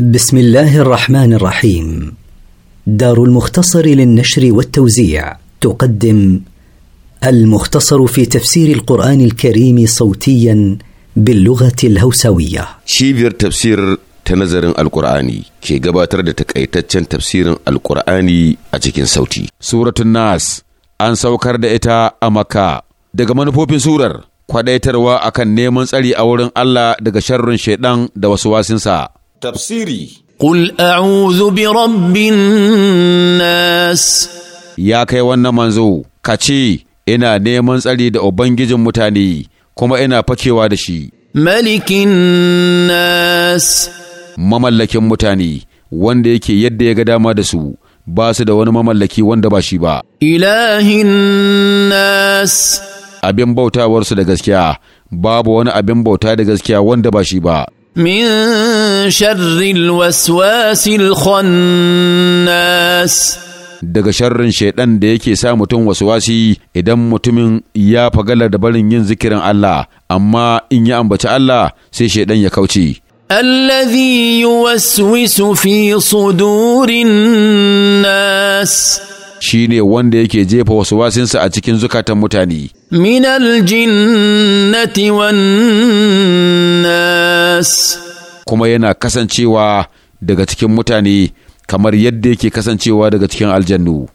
بسم الله الرحمن الرحيم دار المختصر للنشر والتوزيع تقدم المختصر في تفسير القرآن الكريم صوتيا باللغة الهوسوية شيفير تفسير تنظر القرآني كي قباتر تكأيتتشن تفسير القرآني أجيكين صوتي سورة الناس أن سوكر دائتا أمكا دقمان فوبين سورر kwadaitarwa akan neman tsari a wurin Allah daga sharrin shaidan da wasu wasinsa. tafsiri Kul a'udhu bi rabbin nas Ya kai wannan manzo ka ce ina neman tsari da ubangijin mutane kuma ina fakewa da shi Malikin nas Mamallakin mutane wanda yake yadda ya ga dama da su ba su da wani mamallaki wanda ba shi ba Ilahin nas abin bautawarsu da gaskiya babu wani abin bauta da gaskiya wanda ba shi ba من شر الوسواس الخناس daga sharrin shaidan da yake sa mutum waswasi idan mutumin ya fagala da barin yin zikirin Allah amma in ya ambaci Allah sai shaidan ya kauce alladhi yuwaswisu fi sudurin nas shine wanda yake jefa waswasinsa a cikin zukatan mutane minal jinnati wan kuma yana kasancewa daga cikin mutane kamar yadda yake kasancewa daga cikin aljannu